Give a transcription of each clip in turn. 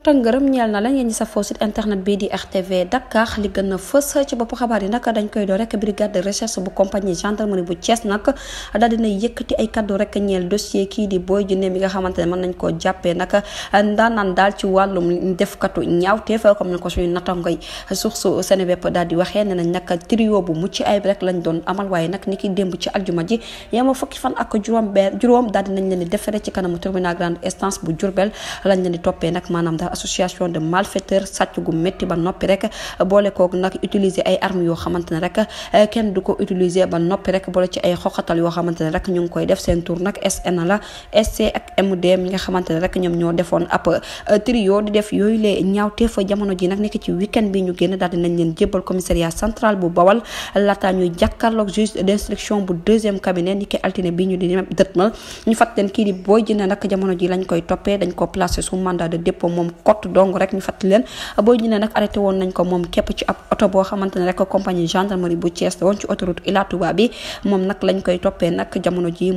ta ngërëm ñeel na la ngeen ñi safoo internet bii di RTV Dakar li gën fës ci bopp xabaar yi nag dañ koy doo rek brigade de recherche bu compagnie gendarmerie bu Thiès nag daal dina yëkkati ay kaddu rek ñeel dossier kii di Boy Djiné mi nga xamante ne mën nañ koo jàppee nag ndaanaan daal ci wàllum defkatu ñaawteef comme ni ko suñu nattangooy source Seneweb daal di waxee ne nañ nag trio bu mucc ayib rek lañ doon amal waaye nag ni ki démb ci aljuma ji yema fukki fan ak juróom benn juróom daal dinañ leen di defere ci kanamu tribunal grande instance bu Diourbel lañ leen di toppee nag maanaam association de malfaiteurs sàcc gu métti ba noppi rek boole kook nag utiliser ay armes yoo xamante ne rek eh, kenn du ko utiliser ba noppi rek boole ci ay xoxatal yoo xamante ne rek ñu ngi koy def seen tour nag SN la SC ak MD mi nga xamante ne rek ñoom ñoo defoon app eh, trio di def yooyu lee ñaawtee fa jamono ji nag nekk ci weekend bi ñu génn daal dinañ leen jébbal commissariat central bu Bawal laataa ñuy jàkkaarloog juge d'instruction bu deuxième cabinet ni ki altine bi ñu di dëtmal kii di booy jënd nag jamono ji lañ koy toppee dañ ko placé sous mandat de dépôt moom kott dong rek ñu fàttali leen Boy Djiné nag arrêté woon nañ ko moom képp ci ab oto boo xamante ne rek compagnie gendarmerie bu Thiès la woon ci autoroute Ila Touba bi moom nag lañ koy toppee nag jamono ji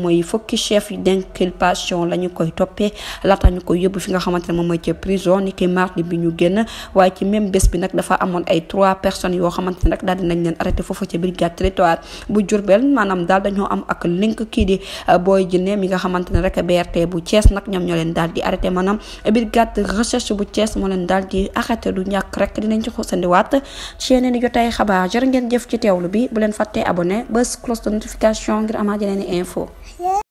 la ñu koy toppee laata ñu koy yóbbu fi nga xamante ne moom mooy ci prison ni ki mardi bi ñu bi nag dafa amoon ay trois personnes yoo xamante ne rek daal dinañ leen arrêté foofu ci brigade territoire bu Diourbel maanaam daal dañoo am ak link kii di euh, Boy Djiné mi nga xamante ne rek BRT bu Thiès nag ñoom ñoo leen daal di arrêté maanaam brigade recherche bu Thiès moo leen daal di axate du ñàkk rek dinañ ci xuusandiwaat ci yeneen i jotaay xabaar jërë ngeen jëf ci lu bi bu leen fàttee abonné bés cloche de notification ngir amaat yeneen i info